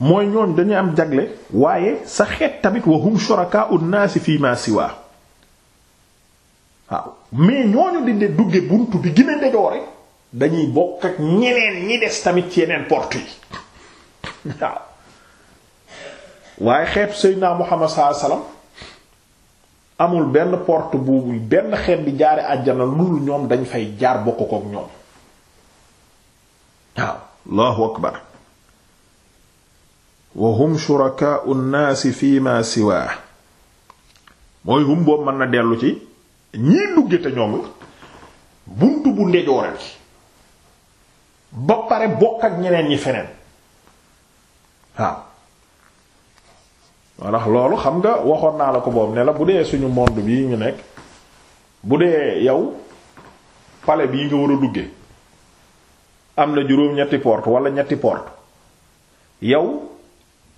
mooy ñooñ dañu am jagle waaye sa xeet tamit wa hum shurakaa'u naasi fii ma siwaa waaw mais ñooñu di dugge buntu bi gën ndejoore dañuy bokk ak ñeneen ñi des tamit ci yeneen port yi waaw waaye xeetu Seydina Muhammad sallallahu alayhi wasallam amul benn porte bu benn xeet bi jaare àjjana loolu ñoom dañ fay jaar bokk kook ñoom waaw Allahu akbar wa hum shurakaa'u nnaasi fi ma siwaa mooy hum boobu mën na dellu ci ñii dugge te ñoom la bunt bu ndejooral gi ba pare bokk ak ñeneen ñi feneen waaw walla loolu xam nga waxoon naa la ko boobu ne la bu dee suñu monde bii ñu nekk bu dee yow palais bii nga war a dugge am na juróom ñetti porte wala ñetti porte yow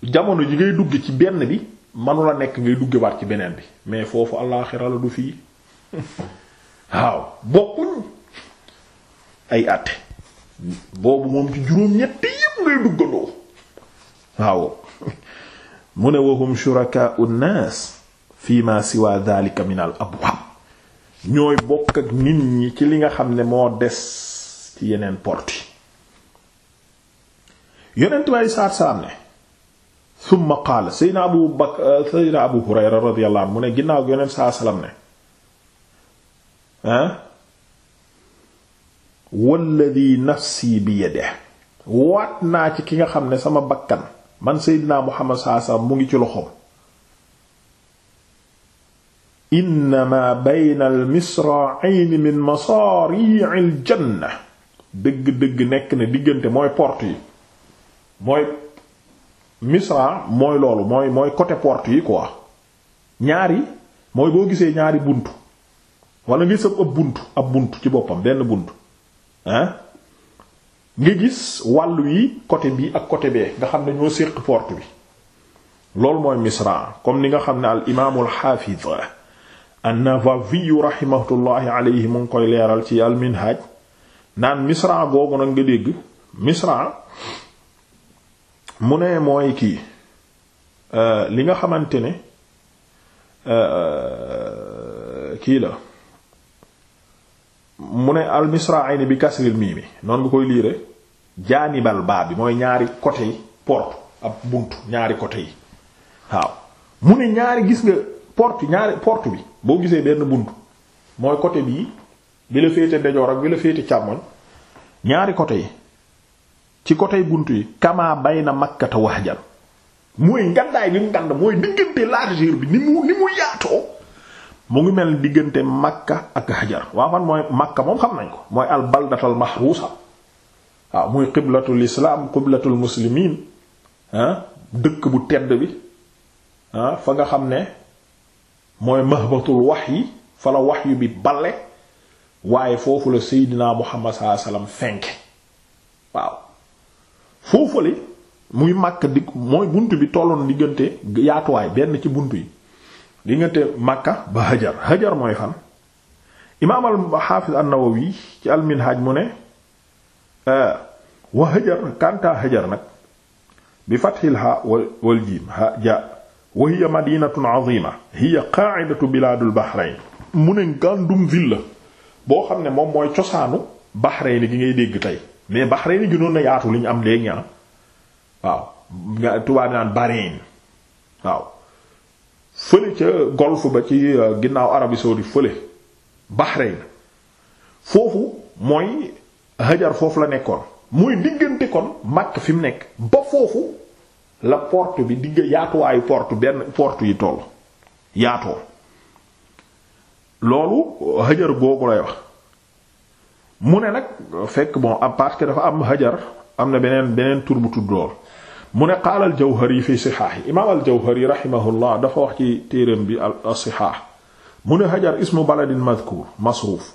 jamono ji ngay dugg ci benn bi manula nekk ngay duggewaat ci beneen bi mais foofu alaaxira la du fii waaw bokkuñ ay àtte boobu moom ci juróom-ñetti yépp ngay duggandoo waaw mu ne wahum shurakaa'u nnaas fii ma siwa dhalika min al abwaab ñooy bokk ak nit ñi ci li nga xam ne moo des ci yeneen porte yi yonent bi ne summa qaala seydna abu bakar euh, seydna abu hurayra radiyallahu anhu mu ne ginnaaw gi yonent saa salaam ne ah walladi nafsi bi yadihi waat naa ci ki nga xam ne sama bakkan man seydna muhammad saa salaam mu ngi ci loxoom innama bayna al misra'ayni min masari'il janna dëgg dëgg nekk na diggante mooy port yi mooy misra mooy loolu mooy mooy côté port yi quoi ñaari mooy boo gisee ñaari bunt wala nga gis ab buntu ab buntu ci boppam benn buntu ah nga gis wàll yi côté bii ak côté bee nga xam ne ñoo séq port bi loolu mooy misra comme ni nga xam ne al imaamul xaafiz an-Nawawi rahimatullahi alayhi mu ngi koy leeral ci al minhaj naan misra googu nag nga dégg misra mu ne mooy kii euh, li nga xamante ne euh, kii la mu ne al misra'ayn bi kasril miimi noonu nga koy liire jaanibal baa bi mooy ñaari côté yi porte ab buntu ñaari côté yi waaw mu ne ñaari gis nga porte ñaari porte bi boo gisee benn buntu mooy côté bii bi la féete ndejoor ak bi la féete càmmoñ ñaari côté yi ci côté bunt yi kama bay na makkata wahjan mooy ngandaay bi mu ngand mooy diggante largeur bi ni mu ni mu yaatoo mu ngi mel diggante makka ak hajar waa fan mooy makka moom xam nañ ko mooy al baldatal mahrusa waaw muy qiblatul islaam ah, dëkk bu tedd bi ah, fa nga xam ne mooy mahbatul wahyi fa la wahyu bi balle waaye foofu la seydinaa muhammad sallallahu alayhi wasallam fenk waaw foofale muy Makka di mooy bunt bi tolloon diggante yaatuwaay benn ci bunt yi diggante Makka ba Hajar Hajar mooy fan imaam al-Hafiz an-Nawawi ci al mu ne euh, wa Hajar kanta Hajar nag bi fathil ha wal jiim ha ja wa hiya madinatun azima hiya qa'idatu bilaadul Bahrayn mu ne ngàndum ville boo xam ne moom mooy cosaanu Bahrayn gi ngay dégg tey mais Bahreïn gënoon na yaatu li ñu am léegi ah waaw nga naan Bahreïn waaw fële ca golfe ba ci euh, ginnaaw Arabie saoudite fële Bahreïn foofu mooy Hajar foofu la nekkoon muy diggante kon Makk fi mu nekk ba foofu la porte bi digg yaatuwaayu porte benn porte yi toll yaatoo loolu euh, Hajar googu lay wax mu ne nag fekk bon à part que dafa am hajar am na beneen beneen tur bu mu ne qaala al jawhari fi sixaaxi imaam al jawhari rahimahullah dafa wax ci téeram bi al sixaax mu ne hajar ismu baladin madhkur masruuf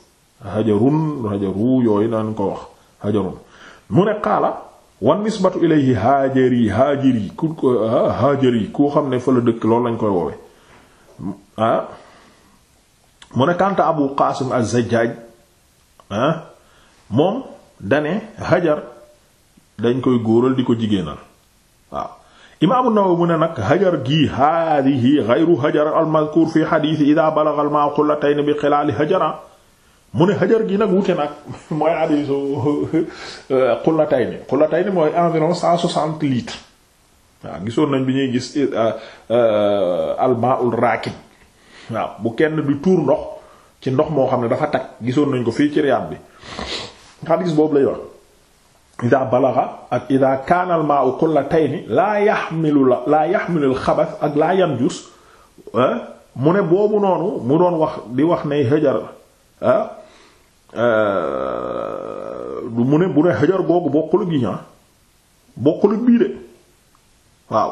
hajarun hajaru yooyu naan ko wax hajarun mu ne qaala wan nisbatu ilayhi haajari haajiri ku haajari ku xam ne fa la dëkk loolu lañ koy woowe ah mu ne kanta abu qaasim az moom dane hajar dañ koy góoral di ko jigéenal waaw imaamu Nawawi mu ne nag hajar gii haadihi gayru hajar almadkur fi xadiisi ida balagha almaa qullatayn bi xilaali hajara mu ne hajar gii nag wute nag mooy hadiisu qullatayn qullatayn mooy environ 160 litres waaw gisoon nañ bi ñuy gis eh, eh, almaa ul raakid waaw bu kenn di tuur ndox ci ndox moo xam ne dafa tag gisoon nañ ko fii ci Riyaad bi xadis boobu lay wax ida balaga ak ida kaana al maa'u qullatayn laa yaxmilu la laa yaxmilu al xabas ak laa yanjus ah, mu ne boobu noonu mu doon wax di wax ne xëjar ah, ah, mu ne bu ne xëjar googu bokkul gi ñaa bokkul bii de waaw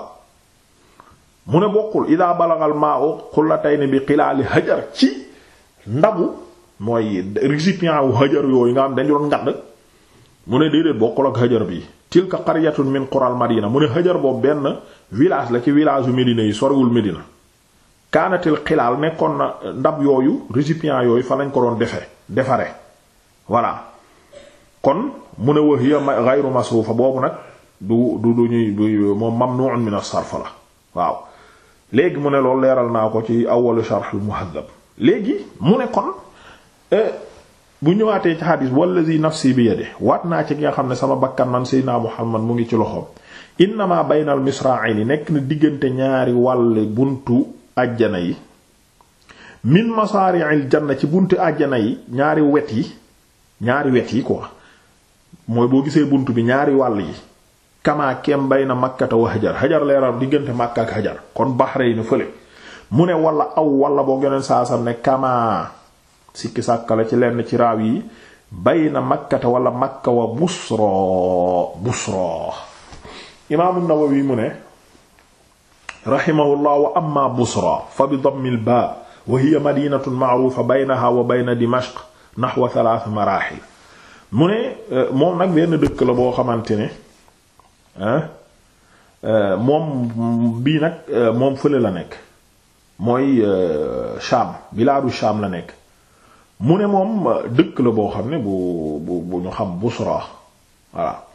mu ne bokkul ida balagal maa'u qullatayn bi xilaali xëjar ci ndabu mooy récipient wu hajar yooyu nga am dañu doon ngadd mu ne déedéet bokkul ak hajar bi tilka qaryatun min qural madina mu ne hajar boobu benn village la ci village yu Médina yi sorewul Médina kaanatil xilaal nekkoon na ndab yooyu récipient yooyu fa lañ ko doon defe defare voilà kon mu ne wa hiya ghayru masrufa boobu nag du du du ñuy moom mamnu'un min as-sarf la waaw léegi mu ne loolu leeral naa ko ci awwalu sharh al-muhaddab léegi mu ne kon Eh, bu ñëwaatee ci xadis wallazi nafsi bi yadihi waat naa ci nga xam ne sama bakkan man seydinaa Muhammad mu ngi ci loxoom innama baynal yi nekk na diggante ñaari wàll buntu àjjana yi min masari'il na ci buntu àjjana yi ñaari wet yi ñaari wet yi quoi mooy boo gisee bunt bi ñaari wàll yi kamaa kem bayna makkata wa hajar hajar leeral diggante makka ak hajar kon baxrayni fële mu ne wala aw wala boo geneen saasam ne kamaa sikki sàkka la ci lenn ci raaw yi bayna makkata wala makka wa busra busra imaamu nawawi mu ne rahimahullah wa amma busra fa bi dammi lbaa wa hiya madinatun ma'rufa baynaha wa bayna dimashq nahwa thalath marahil mu ne eh, moom nag benn dëkk boo xamante ne eh, eh, moom bii nag moom fële la nekk mooy Sham bilaadu Sham la nekk mu ne moom euh, dëkk la boo xam ne bu bu bu ñu xam Busra voilà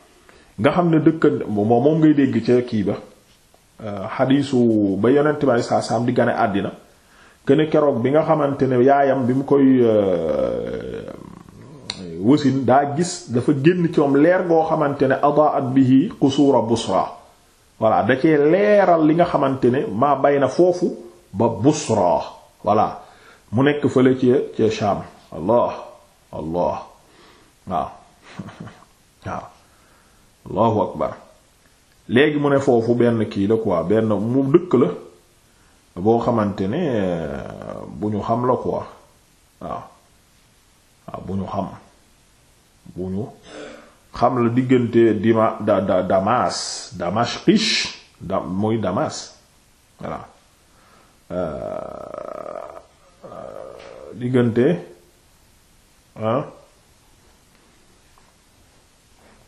nga xam ne dëkk moom moom ngay dégg ca kii ba euh, xadiisu ba yonent bi saa saam di gane àddina këne keroog bi nga xamante ne yaayam bi mu koy euh, wasin daa gis dafa génn ci leer goo xamante ne at adaat bihi qusuura Busra voilà da cee leeral li nga xamante ne maa bay na foofu ba Busra voilà mu nekk fële ci ci allah allah waaw waaw allahu akbar léegi mu ne foofu benn kii la quoi benn mu dëkk la boo xamante ne euh, bu ñu xam la quoi waaw bu ñu xam bu ñu xam la diggante dima da da Damas Damashqish da muy Damas voilà euh, diggante ah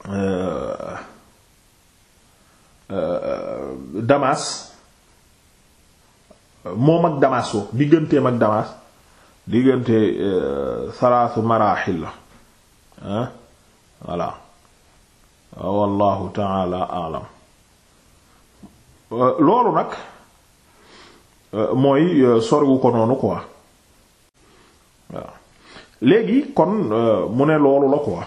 euh, euh, Damas moom ak Damas boog digganteem ak diggante salaasu euh, maraaxil la ah wallahu taala alam loolu nag mooy sorgu ko noonu quoi waaw léegi kon euh, mu ne loolu la quoi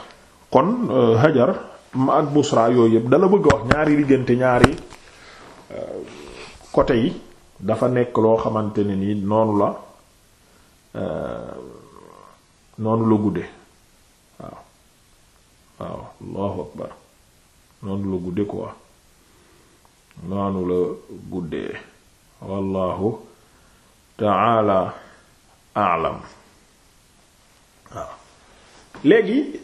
kon euh, hajar ma ak busra yooyu yëpp dala bëgg a wax ñaari diggante ñaari euh, côté yi dafa nekk loo xamante ne nii noonu la noonu la gudde waaw waaw allahu akbar noonu la gudde quoi noonu la guddee wallahu ta'ala a'lam waaw léegi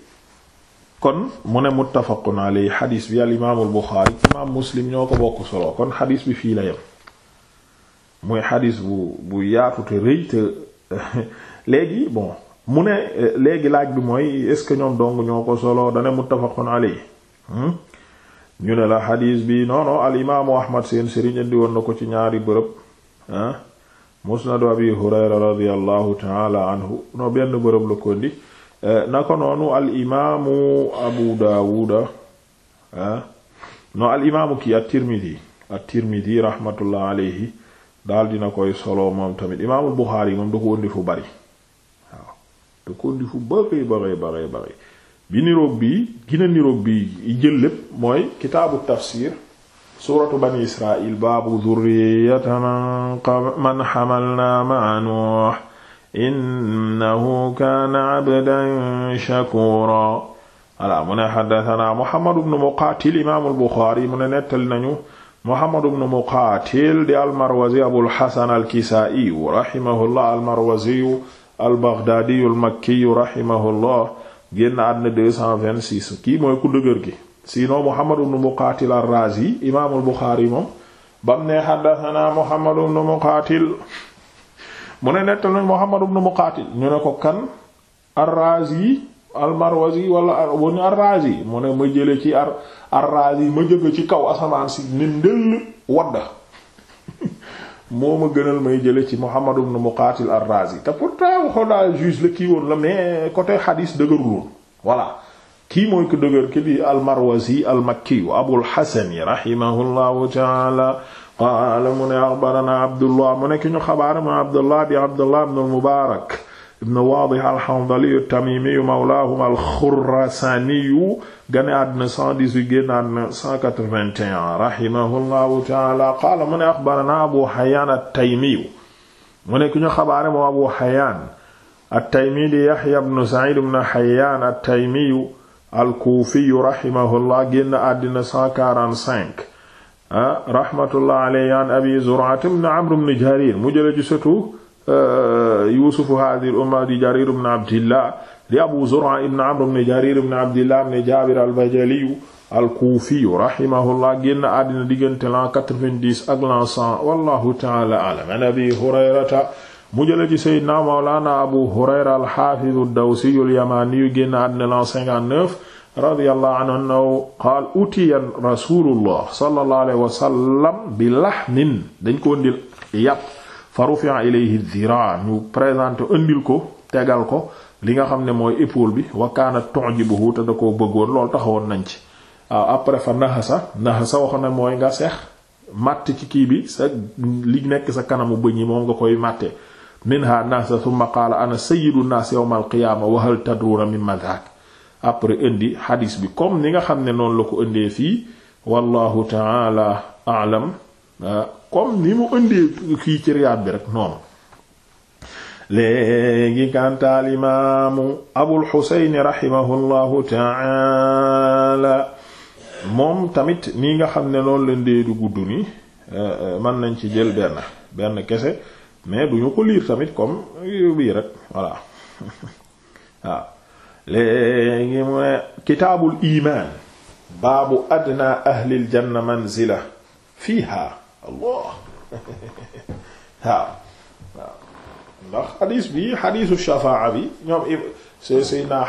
kon mu ne muttafaqun alayhi xadiis bi al imaamul Buxaari imaam Muslim ñoo ko bokk solo kon xadiis bi fii la yem muy xadiis bu bu yaatu te rëy te léegi bon mu ne léegi laaj bi mooy est-ce que ñoom dong ñoo ko solo dane muttafaqun alayhi hmm? ñu ne la xadiis bi non non al imaamu Ahmad seen sëriñ di woon na ko ci ñaari bërëb ah. musnadu abi hurayra radiallahu taala anhu no benn bërëb la kondi eh, nako noonu al imaamu abu daawuda eh, no al imaamu kii at tirmidi rahmatullah alayhi daal dina koy solo moom tamit imaamul buxaari moom da ko fu bari waaw da fu bari bari bi niroog bi gina niroog bi jël lépp mooy kitaabu tafsir suuratu bani israil baabu durriyata man xamalna ma'a nuux innahu kaana abdan shakuura voilà mu ne xaddatanaa mohammadu bnu muqaatil imaamu albuxaari mu ne nettali nañu mohammadu bnu muqaatil di almarwazi abulxasan alkisaa'iyu rahimahullah almarwaziyu albaghdaadiyu almakkiyu rahimahullah génn àddina 226 kii mooy ku dëgër gi sinon Muhammad ibn Muqaatil ar imaamul Buxaari moom bam ne haddasanaa Muhammad ibn Muqaatil mu ne nettal nañ Muhammad ibn Muqaatil ñu ne ko kan ar-Raazi al-Marwazi wala woni ar-Raazi mu ne ma jële ci ar ar ma jóge ci kaw asamaan si ni ndëll wadda moo ma gënal may jële ci Muhammad ibn Muqaatil ar-Razi te pourtant waxoon naa la kii woon la mais côté hadis dëgërul woon kii mooy ko dëgër ki di almarwazi almakkiyu abulxasani rahimahullahu taala qaala mu ne axbarana abdullah mu ne ki ñu xabaara mu abdullah di abdullah ibn almubaarak ibn waadih alxandaliyu tamimiyu mawlaahum alxurasaniyu gane àddina 118 génn àddina 181 rahimahullahu taala qaala mu ne axbarana abu xayaan attaymiyu mu ne ki ñu xabaara mu abu xayaan attaymi di yaxya ibn saciid ibn xayaan attaymiyu alkuufiyu raximahullah génn àddina 145 ah raxmatullah alayhi an abi zur'at ibn amr ibn jarir mu jële ci sëtu ah, yuusufu haadihil umma di jarir ibn abdillah di abu zur'a ibn amr ibn jarir ibn abdillah ibn jaabir albajaliyu alkuufiyu raximahullah génn àddina diggante l'an 90 ak l'an 100 wallahu ta'ala a'lam an abi hurayrata mu jële ci seydina mawlaana abu hurayra alxaafidu dawsiyu lyamaaniyu génn àddina la 59 radiyallahu anhu annahu qaal utiya rasulullah sallallahu alayhi wa sallam bi lahmin dañ ko ndil yàpp fa rufi'a ilayhi dhira ñu présenté indil ko tegal ko li nga xam ne mooy épaule bi wa kaanat tu'jibuhu te da koo bëggoon loolu taxawoon nañ ci ah, après fa naxasa naxasa wax na mooy nga seex màtt ci kii bi sa li nekk sa kanamu bëñ yi moom nga koy màtte minha naasa thumma qaala ana naas yawmal qiyaama wa hal tadruuna mimma dhaak après indi xadiis bi comme ni nga xam ne noonu la ko indee fii wallahu taala alam euh, comme ni mu indee kii ci riyaat bi rek noonu léegi kantaal imaamu abul xuseyni raximahullahu taala moom tamit nii nga xam ne noonu la ndee du gudd ni euh, euh, mën nañ ci jël benn benn kese mais duñu ko liir tamit comme bii rek voilà waaw ah. léegi mu ne kitaabul iman baabu adna ahlil janna manzila fiiha allah waaw ah. waaw ah. ndax xadiis bi xadiisu shafaa bi ñoom se seydna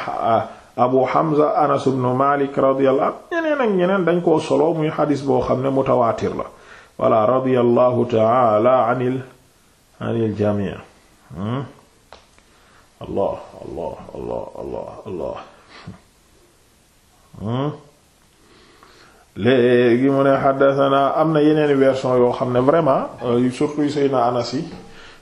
abu hamza anas ibn malik radiyallahu anhu ñeneen ak ñeneen dañ koo solo muy xadiis boo xam ne mutawaatir la wala radiyallahu ta'ala anil anil jamii allah allah allah allah allah léegi mu ne xaddasanaa am na yeneen version yoo xam ne vraiment surtout y Seydina Anas yi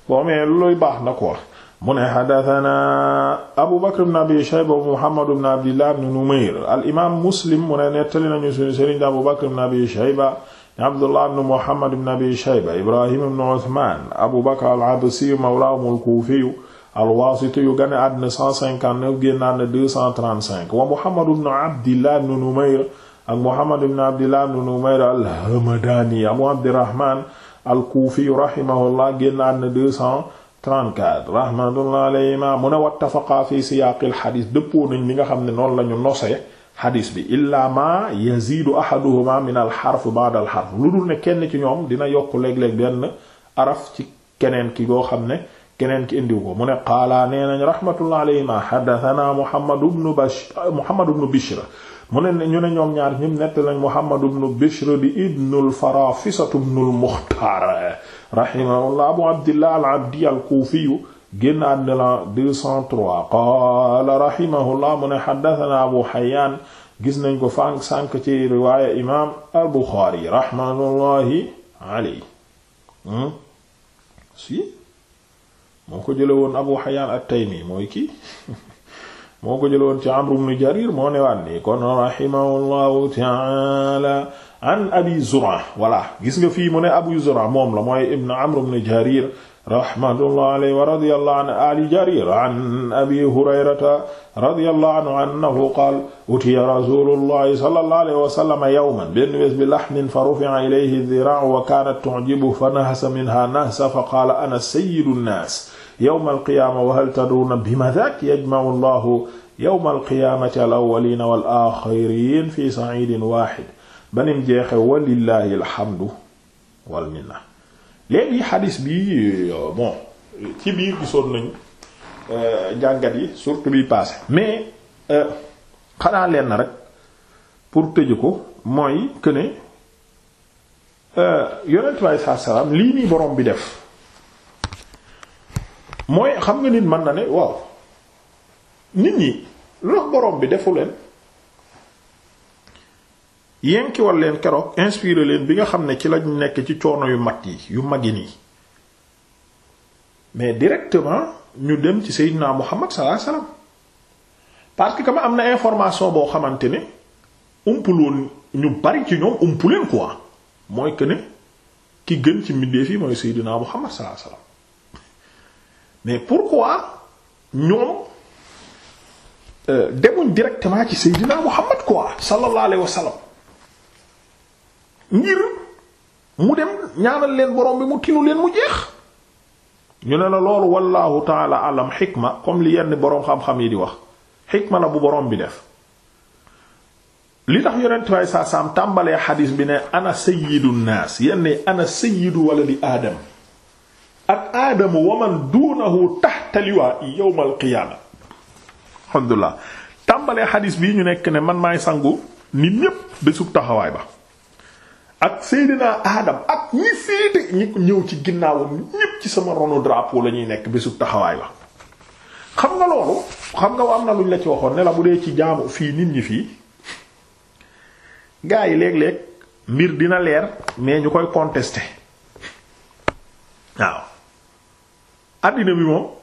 boo mais looy baax na ko mu ne xaddasanaa Abu Bakr ibn Abi Shayba Muhammad ibn Abdillah ibn Numayr al imaam Muslim mu ne nettali nañu suñu sëriñ Abu Bakr ibn Abi Shayba Abdullah ibn Muhammad ibn Abi Shayba Ibrahim ibn Uthman Abu Bakr al-Absi mawlahum al-Kufi al-Wasiti yu gane àddina 159 génn àddina 235 wa Muhammad ibn Abdillah ibn Numayr ak Muhammad ibn Abdillah ibn Numayr al-Hamadani Abu Abdirrahman al-Kufi rahimahullah génn àddina 234 rahmatullahi alayhima mu ne wattafaqa fi siyaaqil hadiis dëppoo nañ li nga xam ne noonu lañu nosee xadis bi illaa ma yazidu ahaduhuma min al xarf ba'da al xarf lu dul ne kenn ci ñoom dina yokk léeg-léeg benn araf ci keneen ki goo xam ne keneen ki indiw ko mu ne qaala nee nañ rahmatullah alayhima xaddathana muhammad ibn bash muhammad ibn bishr mu ne ñu ne ñoom ñaar ñim nett lañ muhammad ibn bishr di ibnul farafisatu ibnul muxtaar rahimahullah abu abdillah al abdi al kuufiyu a àddina la 203 qaala rahimahullah mu ne xaddatana abu xayaan gis nañ ko fànk sànk ci riwaaya imaam al buxaari rahmatullahi aley hmm? si ko jële woon abu xayaan at-taymi mooy kii moo ko jële woon ci amru ibn jarir moo newaan nii kon rahimahullahu taala an abi zura gis nga fii mu ne abu zura moom la mooy ibn amru ibn jarir rahmatullah alayhi wa radiyallahu an ali jarir an abi hurayrata radiyallahu anhu annahu qaala utiya rasulullahi sallallahu alayhi wa sallam yawman benn bés bi lahmin fa rufi'a ilayhi dhiraa'u wa kaanat tu'jibuhu fa nahasa minha nahsa fa qaala ana sayyidu nnaas yawmal qiyaama wa hal tadruuna bima dhaak yajma'u allahu yawmal qiyaamati al awwaliina wal aaxiriina fi sa'iidin waahid banim jeexe walillahi alhamdu wal minna léegi xadis bi euh, bon ci biir gisoon nañu euh, jàngat yi surtout bi passé mais euh, xanaa leen na rek pour tëju ko mooy que ne yonent lii nii borom bi def mooy xam nga nit mën na ne waaw nit ñi lox borom bi defu leen yenkiwal leen keroog inspiré leen bi nga xam ne ci lañ nekk ci coono yu mag yi yu mag yi nii mais directement ñu dem ci Seydina Muhammad sallallahu alayhi wasallam parce que comme am na information boo xamante ne umpul ñu bari ci ñoom umpu leen mooy que ne ki gën ci mbindeef yi mooy Seydina Muhammad sallallahu alayhi wasallam mais pourquoi ñoom euh, demuñ directement ci Seydina Muhammad quoi sallallahu alayhi wasallam ngir mu dem ñaanal leen borom bi mu tinu leen mu jeex ñu ne la loolu wallahu taala alam xikma comme li yenn boroom xam-xam yi di wax xikma la bu boroom bi def li tax yonent way saa saam tàmbalee xadiis bi ne ana sayyidu naas yenn ana sayyidu di aadam ak aadamu wa man duunahu tahta liwaa'i yawmal qiyaama tàmbalee xadiis bii ñu nekk ne man maay sangu nit ñépp bésub taxawaay ba ak Seydina Adam ak ñi féete ñi ñëw ci ginnaawam ñépp ci sama ronu drapo la ñuy nekk bésu taxawaay ba xam nga loolu xam nga am na luñ la ci waxoon ne bu dee ci jaamu fii nit ñi fii gaa yi léeg-léeg mbir dina leer mais ñu koy contester waaw addina bi moom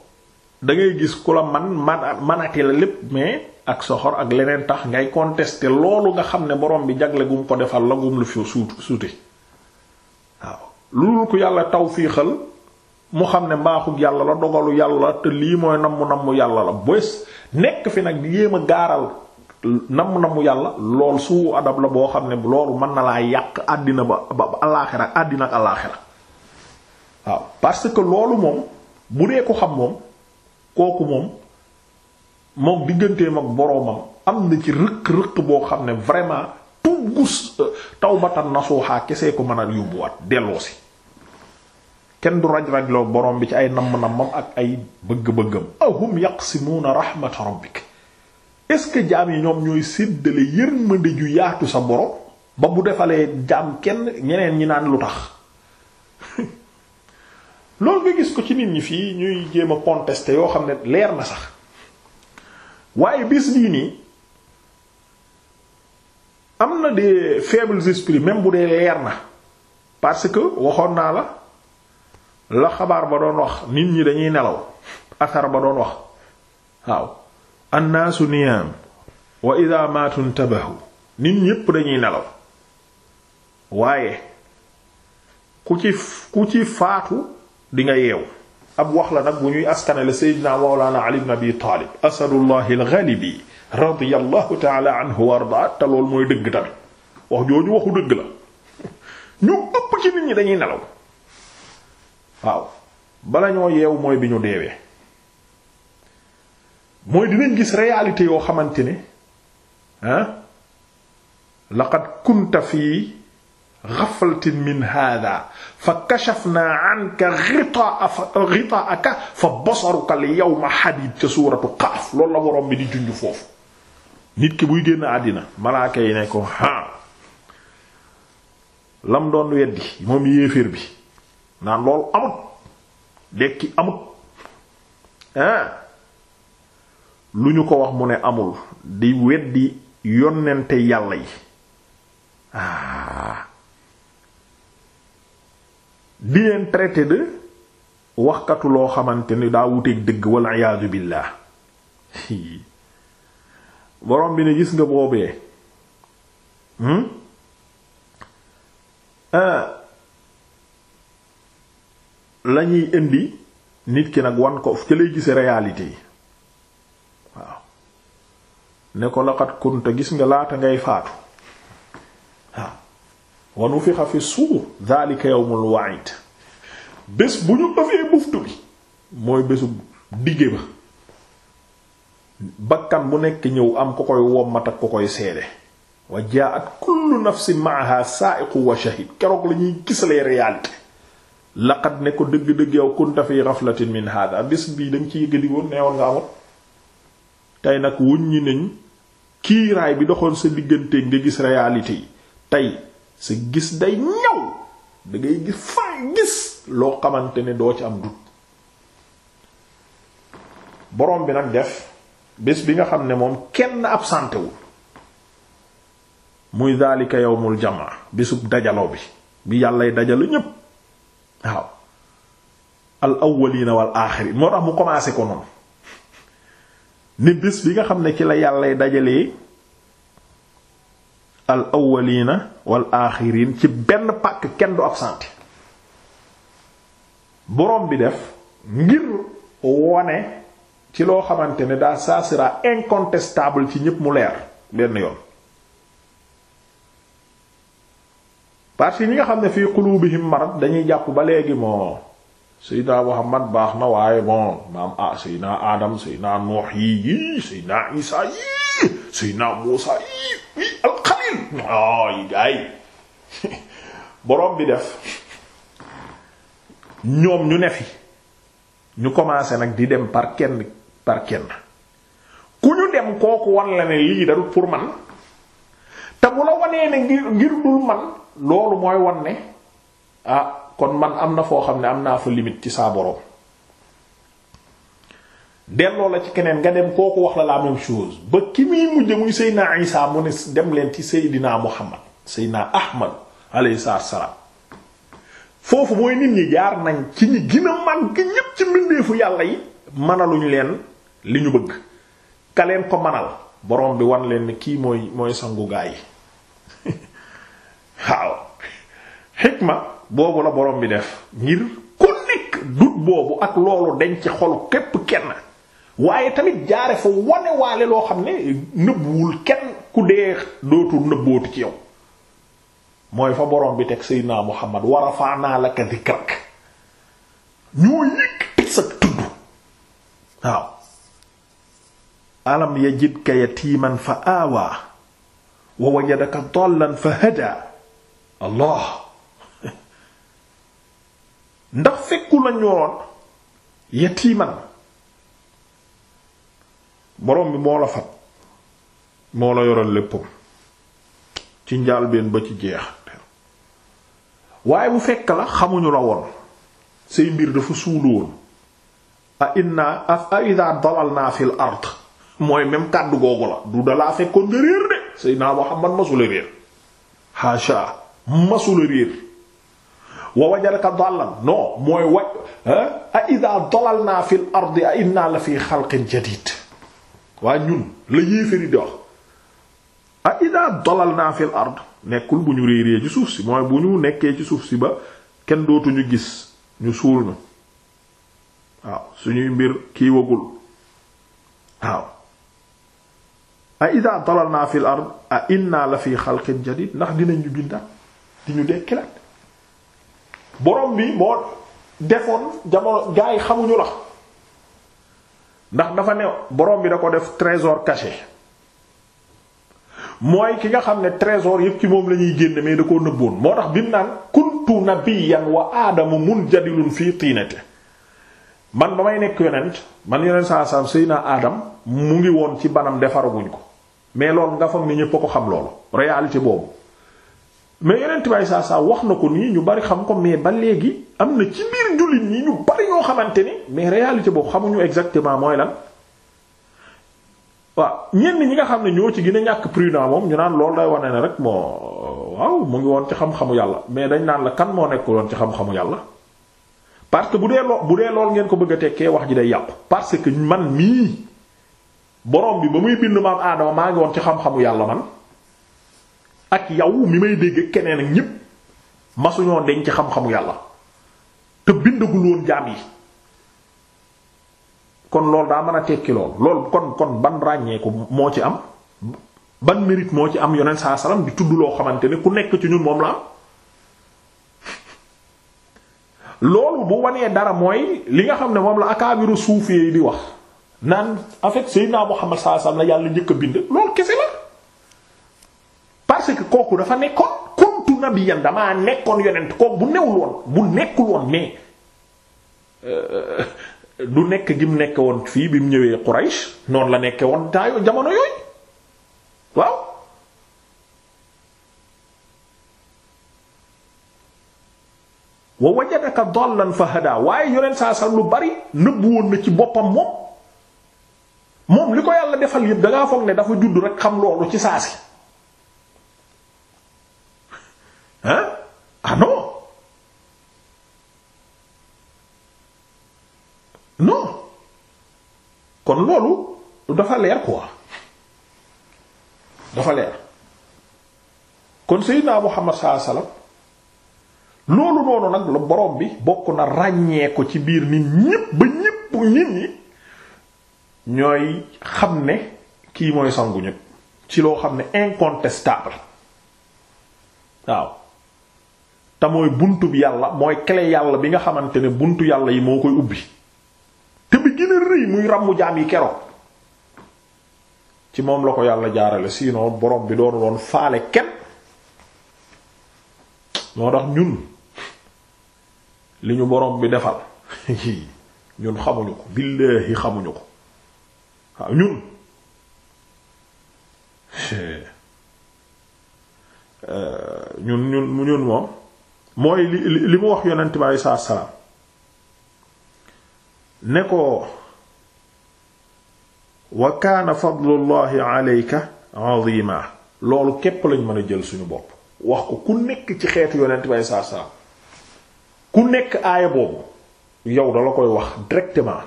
dangay gis ku la man man manati la lépp mais ak soxor ak leneen tax ngay contester loolu nga xam ne borom bi jagle gum ko defal la gum lu fi suut suute waaw loolu ko yàlla tawfiixal mu xam ne mbaaxug yàlla la dogalu yàlla te lii mooy nammu nammu yàlla la bés nekk fi nag yéem a gaaral nammu nammu yàlla lool suu adab la boo xam ne loolu mën na laa yàq àddina ba ba alaaxira àddina ak alaaxira waaw parce que loolu moom bu dee ko xam moom kooku moom moom digganteem ak boroomam am na ci rëq-rëq boo xam ne vraiment tuggus euh, tawbatan nasuuxaa kese ko mën a yóbbuwaat delloo si kenn du raj-rajloo borom bi ci ay namm-nammam ak ay bëgg-bëggam ahum yaqsimuuna rahmata rabbik est-ce que jaam yi ñoom ñooy séddale yërmande ju yaatu sa borom ba mu defalee jaam kenn ñeneen ñi naan lu tax loolu nga gis ko ci nit ñi fii ñuy jéem a contester yoo xam ne leer na sax waaye bis bii nii am na des faibles esprits même bu dee leer na parce que waxoon naa la la xabaar ba doon wax nit ñi dañuy nelaw asar ba doon wax waaw annaasu niyaam wa idha matu intabahu nit ñépp dañuy nelaw waaye ku ci faatu di nga yeew ab wax la nag bu ñuy askanale sayyidina mawlana ali ibn abi taalib asadullah al-ghalibi radiyallahu ta'ala anhu wa arda te loolu mooy dëgg tamit wax jooju waxu dëgg la ñu ëpp ci ñi dañuy nelaw waaw bala ñoo yeew mooy bi ñu deewee mooy dinañ gis réalité yoo xamante ni ah laqad kunta fii ghaflatin min hadha fa kashafna anka ghita'aka fa basaruka al yawma hadid ca suuratu qaaf loolu la borom bi di junj foofu nit ki buy génn àddina malaaka yi ne ko ha lam doon weddi moom yéeféer bi naan loolu amut dekki amut ah lu ñu ko wax mu ne amul di weddi yonente yàlla yi ah. di leen traité de waxkatu loo xamante ni daa wuteeg dëgg walla iyaadu billaah borom bi ne gis nga boobee hmm? euh, lañuy indi nit ki nag wan ko ci lay gise réalité yi waaw ne ko laqat kunta gis nga laata ngay faatu wa nufixa fi suur dhalika yawmul wa'id bés bu ñu ëfee buftu bi mooy bésu digge ba bakkan bu nekk ñëw am ko koy wommat ak ko koy seede wa jaa'at kullu nafsin ma'aha saa'iqu wa shahid keroog la ñuy gis les réalités laqad ne ko dëgg-dëgg yow kunta fi ghaflatin min hada bés bii dañ ci yëgadi woon neewoon nga amoon tey nag wuññi nañ kiiraay bi doxoon sa diggante nga gis réalité yi tey sa gis day ñaw da faa gis loo xamante ne doo ci am dut boroom bi nag def bés bi nga xam ne moom kenn ab wul muy daalika yawmul jamaa bésub dajaloo bi bi yàllay dajalu ñépp waaw al awwaliina wal aaxirin moo tax mu commencé ko noonu ni bés bi nga xam ne ci la yàllay dajalee al awwaliina wal aaxiriin ci benn pàkk kenn du absenté borom bi def ngir wane ci loo xamante ne daa ça incontestable ci ñépp mu leer benn yoon parce que ñi nga xam ne fii qulubihim marad dañuy jàpp ba léegi moo Seydina Muhammad baax na waaye bon maam ah Seydina Adam Seydina Nuux yi yi Seydina Isaa Seydina Muusa i i alxalil ay gaay borom bi def ñoom ñu ne fi ñu commencé nag di dem par kenn par kenn ku ñu dem kooku wan la ne lii darut pour man te bu la wanee ne ngir ngir dul man loolu mooy wan ne ah kon man am na foo xam ne am naa fa limite ci saa borom delloo la ci keneen nga dem kooku wax la la même chose ba ki muy mujj muy Seydina Isa mu ne dem leen ci Seydina Muhammad Seydina Ahmad alayhi salaam foofu mooy nit ñi jaar nañ ci ñi gën màgg ñépp ci mbindeefu yàlla yi mënaluñ leen li ñu bëgg ka leen ko manal borom bi wan leen kii mooy mooy sangu gaa yi waaw xikma boobu la borom bi def ngir ku nekk dut boobu ak loolu dañ ci xolu képp kenn waaye tamit jaare fa wane waale loo xam ne nëbbuwul kenn ku dee dootul nëbbooti ci yow mooy fa borom bi teg Seydina Muhammad war a faa naa la ka dikrak ñoo sa tudd waaw alam yajidka yatiman fa aawaa wa wajadaka dallan fa hadaa allah ndax fekku la ñoroon yatiman borom bi moo la fat moo la yoral léppam ci njàlbéen ba ci jeex waaye bu fekk la xamuñu la woon say mbir dafa suulu woon a inna a ida dalalna fil ard mooy kàddu googu la masula réer haasha masula réer wa wajadaka dallan non mooy waj a ida dalalna fil ard a inna la fi xalqin jadid waa ñun la yéeféri di wax a ida dalalna fil ard nekkul bu ñu réerée ci suuf si mooy bu ñu nekkee ci suuf si ba kenn dootuñu gis ñu suul ñu waaw suñuy mbir kii wagul waaw a ida dalalna fil ard a inna la fi xalqin jadid ndax dinañu bindaat di ñu dekkilaat borom bi moo defoon jamono gaa yi xamuñu la ndax dafa ne borom bi da ko def trésor caché mooy ki nga xam ne trésor yëpp ci moom la ñuy génne mais da koo nëbboon moo tax bim naan kuntu nabiyyan wa aadamu munjadilun fii tiinate man ba may nekk yonent man yonent saa saam sëy naa aadam mu ngi woon ci banam defaraguñ ko mais loolu nga fam ni ñëpp a ko xam loolu réalité boobu mais yonent saa saa wax na ko nii ñu bari xam ko mais ba léegi am na ci biir jullit ñi ñu xamante ni mais réalité boobu xamuñu exactement mooy lan waaw ñeen ñi nga xam ne ñoo ci gën a ñàkk prudent moom ñu naan loolu day wane ne rek moo waaw mu ngi woon ci xam-xamu yàlla mais dañ naan la kan moo nekk woon ci xam-xamu yàlla parce que bu dee loo bu dee ngeen ko bëgg a tekkee wax ji day yàqu parce que man mii borom bi ba muy bind maam aadama maa ci xam-xamu yàlla man ak yow mi may dégg keneen ak ñépp masuñoo deñ ci xam-xamu yàlla te bindagul jaam yi kon loolu daa mën a tekki lool loolu kon kon ban ràññeeku moo ci am ban mérite moo ci am yonent saa salaam di tudd loo xamante ne ku nekk ci ñun moom la am loolu bu wanee dara mooy li nga xam ne moom la akaabiru suufi yi di wax naan en fait Seydina Muhammad saa salaam la yàlla njëkk a bind loolu kese la parce que kooku dafa nekkoon kuntu nabiyyan damaa nekkoon yonent kooku bu newul woon bu nekkul woon euh, du nekk gi mu nekk woon fii bi mu ñëwee Quraysh noonu la nekkee woon taayo jamono yooyu waaw wa wajadaka dallan fa hada waaye yonent saa sa lu bari nëbbu woon na ci boppam moom moom li ko yàlla defal yëpp dangaa foog ne dafa judd rek xam loolu ci saa si non kon loolu dafa leer quoi dafa leer kon Seydina Muhammad sallallahu alayhi wasallam loolu noonu nag la borom bi bokk na ràññee ko ci biir nit ñépp ba ñépp nit ñi ñooy xam ne kii mooy sangu ñépp ci loo xam ne incontestable waaw te mooy buntu yàlla mooy clé yàlla bi nga xamante ne buntu yàlla yi moo koy ubbi te bi gën a rëy muy ràmmu jaam yi keroog ci moom la ko yàlla jaarale sinon borom bi doonu doon faale kenn moo tax ñun li ñu borom bi defal ñun xamuñu ko billaahi xamuñu ko waaw ñun eh, ñun ñun ñun moom mooy li li mu wax yonent bi aleyhi salaatu wa ne ko wa kaana fadlullahi alayka azima loolu képp lañ mën a jël suñu bopp wax ko ku nekk ci xeetu yonent bay saa saa ku nekk aaya boobu yow da la koy wax directement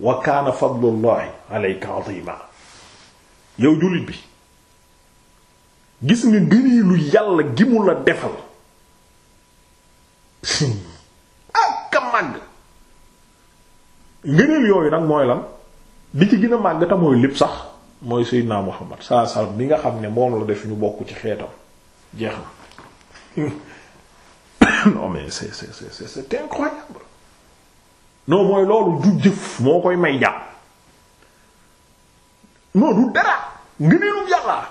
wa kaana fadlullahi alayka azima yow jullit bi gis nga gënii yàlla gi mu la defal ak màgg ngëneel yooyu nag mooy lan bi ci gën a màgg te mooy lépp sax mooy Seydina Muhammad saa salaam bi nga xam ne moom la def ñu bokk ci xeetam jeex na non mooy loolu du jëf moo koy may jàpp non du dara ngëneelu yàlla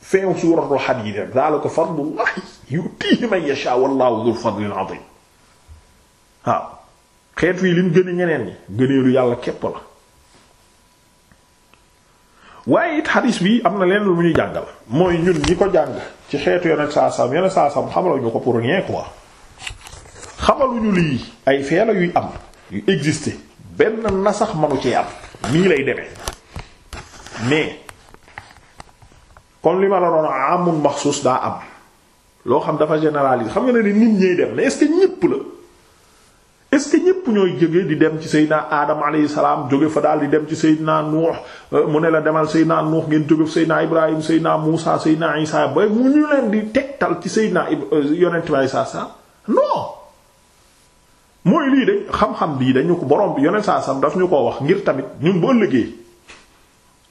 fin suuratul Hadiid rek zaalika fadlullaahi yu'tiihi man yashaa'u wallaahu dhul fadlil 'aziim waaw xeet wi lim gën a ñeneen ñi gëneelu yàlla képp la waaye it xadis bi am na leen lu mu ñu jàngal mooy ñun ñi ko jàng ci xeetu yonent saasam yonent saasam xamaluñu ko pour rien quoi xamaluñu lii ay feela yuy am yu exister benn nasax manu ci am nii lay deme mais comme li ma la doon amul maxsuus daa am loo xam dafa yi xam nga ne ni nit ñiy dem mais est ñépp la est-ce que ñépp ñooy jóge di dem ci Seydina Adam alayhi salaam jóge fa daal di dem ci Seydina Nuux euh, mu ne la demal Seydina Nuux ngeen jóge fa Seydina Ibrahim Seydina Muusa Seydina Isa ba mu ñu leen di tegtal ci Seydina euh, yonent bi saa saa non mooy lii de xam-xam bii dañu ko borom bi yonent saa salaam daf ñu koo wax ngir tamit ñun bu ëllëgee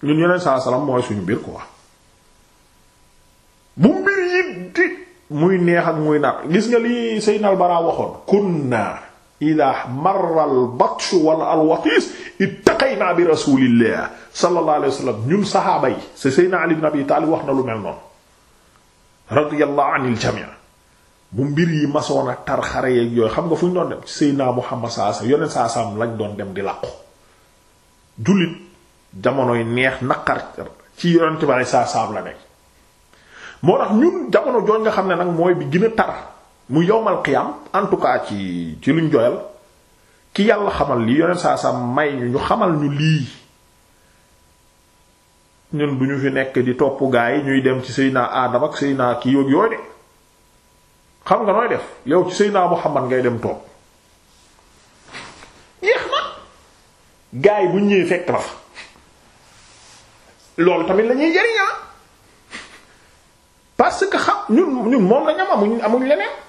ñun yonent saa salaam mooy suñu mbir quoi bu mbir yi di muy neex ak muy nar gis nga li Seydina Al Bara idaa marra al batshu wala al watiis ittaqaynaa bi rasuulillah sallallahu alayhi wa ñun saxaaba yi sa Seydina Ali na Abi Taalib wax na lu mel noonu radiyallahu anil jamii bu mbir yi masoon a tar xare yeeg yooyu xam nga fu ñu doon dem Seydina Muhammad saa sa yoneen saa saam lañ doon dem di làqu jullit neex naqar ci yonent la nekk moo tax ñun nga xam ne nag mooy bi gën a mu yowmal qiyam en tout cas ci ci luñ joyal ki yàlla xamal li yoneen saa sa may ñu ñu xamal ñu lii ñun bu ñu fi nekk di topp gaa yi ñuy dem ci Seydina Adam ak Seydina kii yooyu de xam nga nooy def yow ci Seydina Muhammad ngay dem topp yeex na gaa yi bu ñëwee fekk la fa loolu tamit lañuy jariñaa parce que xam ñun ñun moom lañ am amuñ amuñ leneen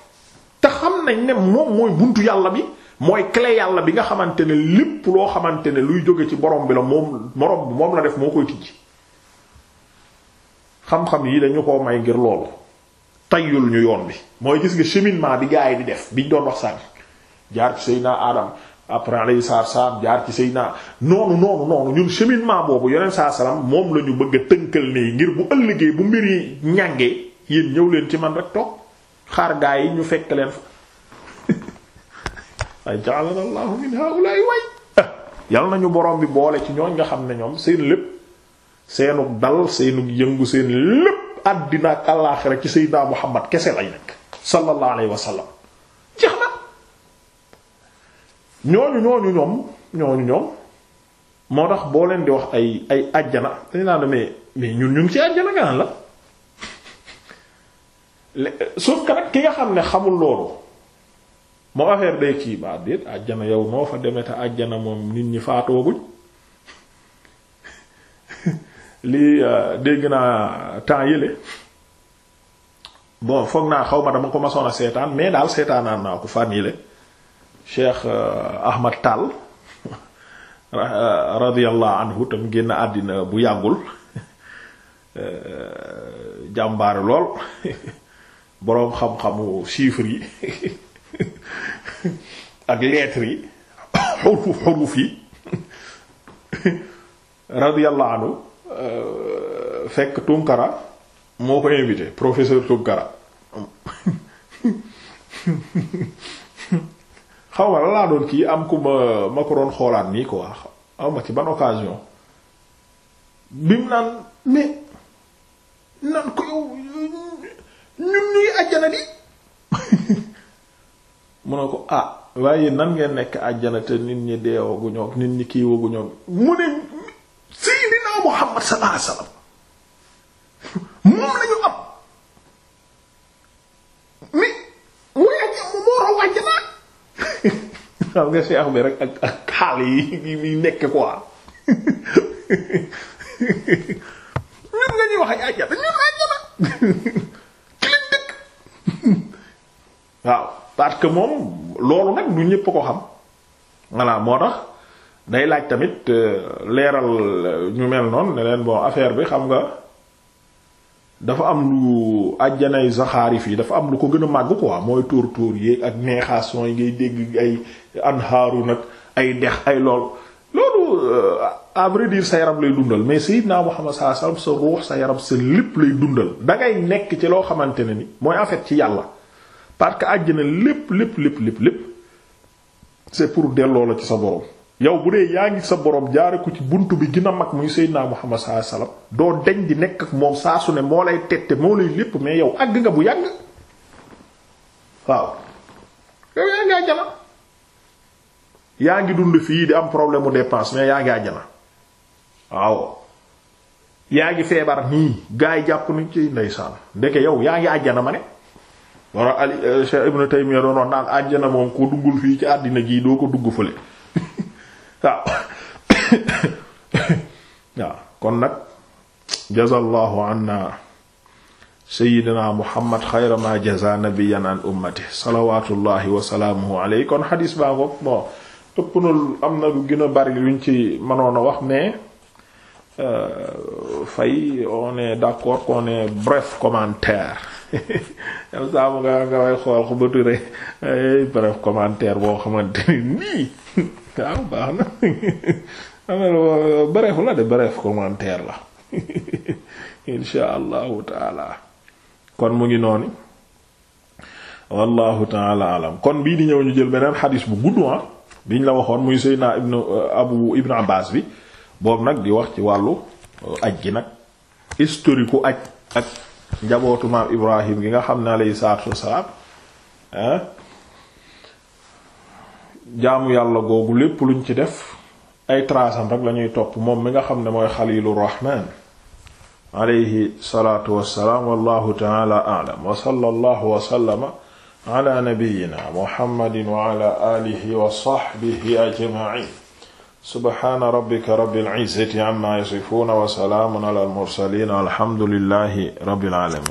te xam nañ ne moom mooy buntu yàlla bi mooy clé yàlla bi nga xamante ne lépp loo xamante ne luy jóge ci borom bi la moom borom bi moom la def moo koy tijji xam-xam yi dañu ko may ngir loolu tayyul ñu yoon bi mooy gis nga cheminement bi gaa yi di def biñ doon wax sànni jaar ci Seydina Adam après alayhi salaam jaar ci Seydina noonu noonu noonu ñun cheminement boobu yeneen saa salaam moom la ñu bëgg a tënkal nii ngir bu ëllëgee bu mbir yi ñàngee yéen ñëw leen ci man rek xaar gaa yi ñu fekk leen fa ay ja'alana Allahu min ha'ula'i way yal nañu borom bi boole ci ñooñ nga xam ne ñoom seen lépp seenug dal seenug yëngu seen lépp àddina ak àllaaxira ci Seydina Muhammad kese lay nekk sallallahu alayhi wa sallam jeex na ñooñu ñooñu ñoom moo tax boo leen di wax ay ay àjjana dañ naa ne mais mais ñun ñu ci àjjana nga la sauf que nag ki nga xam ne xamul loolu moom affaire day kii ba déet yow noo fa demee te àjjana moom nit ñi faatooguñ lii euh, dégg naa temps yële bon foog naa xaw ma dama ko masoon a seetaan mais daal seetaanaan naa ko fan yële euh, Ahmad Tall euh, radiyallahu anhu tam génn àddina bu yàggul jàmbaari lool boroom xam-xamu chiffres yi ak lettres yi xuruf xuruf yi radiyallahu anhu euh, fekk Tunkara moo ko invité professeur Tunkara xaw ma la doon kii am ku ma ma ko doon xoolaat nii quoi xaw ma ci ban occasion bi naan mais naan ko yow ñun ñuy àjjana di mu ne ko ah waaye nan ngeen nekk àjjana te nit ñi deewaguñoo nit ñi kii waguñoo mu ne Seydina Muhammad sallallahu alayhi wasallam moom lañu am mi muy àjj moo raw àjjana xam nga Cheikh bi rek ak ak xaal yi muy nekk quoi ñun nga ñuy wax ay ñun àjjana waaw parce que moom loolu nag du ñépp ko xam voilà moo tax day laaj tamit euh, leeral euh, ñu mel noonu ne leen bon affaire bi xam nga dafa am lu àjjanay zaxaarif yi dafa am lu ko gën a màgg quoi mooy tóor tóor yéeg ak neexation yi ngay dégg ay anhaaru nag ay dex ay lool loolu euh, à vrai dire sa yaram lay dundal mais sayyidna Muhammad sallallahu alayhi wasallam sa ruux sa yaram sa lépp lay dundal dangay nekk ci loo xamante ne ni mooy en ci yàlla parce que àjjana lépp lépp lépp lépp lépp c'est pour delloo la ci sa borom yow bu dee yaa ngi sa borom jaare ko ci bunt bi gën a mag muy Seydina Muhammad sallallahu alayhi wasallam doo deñ di nekk ak moom saa su ne moo lay tette moo lay lépp mais yow àgg nga bu yàgg waaw yow yaa ngi àjjana yaa ngi dund fii di am problème mu dépense mais yaa ngi àjjana waaw yaa ngi feebar nii gaa yi jàpp ni ci ndeysaan ndeke yow yaa ngi àjjana ma ne wara ali eh, Cheikh Ibn Taymiyya doon wax naan àjjana moom ko duggul fii ci àddina gii doo ko dugg fële waaw waaw kon nag jazallahu anna seydina muhammad xayra jaza nabiyan an salawaatullahi wasalaamuhu alayhi kon xadiis baa ngoog bon ëpp na am na lu gën a bari luñ ci mënoon wax mais euh, fay on est d'accord qu'on est bref commentaire yow saa mu nga nga way xool ko ba eh, bref commentaire boo xamante nii waaw baax na amel la de bref commentaire la insha allahu taala kon mu ngi noonu wallahu taala alam kon bii di ñëw ñu jël beneen xadis bu gudd ah biñ la waxoon muy Seydina ibnu eh, abu ibnu abbas bi boobu nag di wax ci wàllu eh, aj gi nag historique aj ak njabootu maam Ibrahim gi nga xam ne alayhi salaatu wassalaam ah, jaamu yàlla googu lépp luñ ci def ay trasam rek lañuy topp moom mi nga xam ne mooy xalilu rahmaan alayhi salaatu wassalaam wallahu ta'ala a'lam wa sallallahu wa sallama ala nabiyyina muhammadin wa ala alihi wa sahbihi ajma'in subhaana rabbika rabbil izzati amma yasifuuna wa salaamun alal mursaliin alhamdulillahi rabbil aalamiin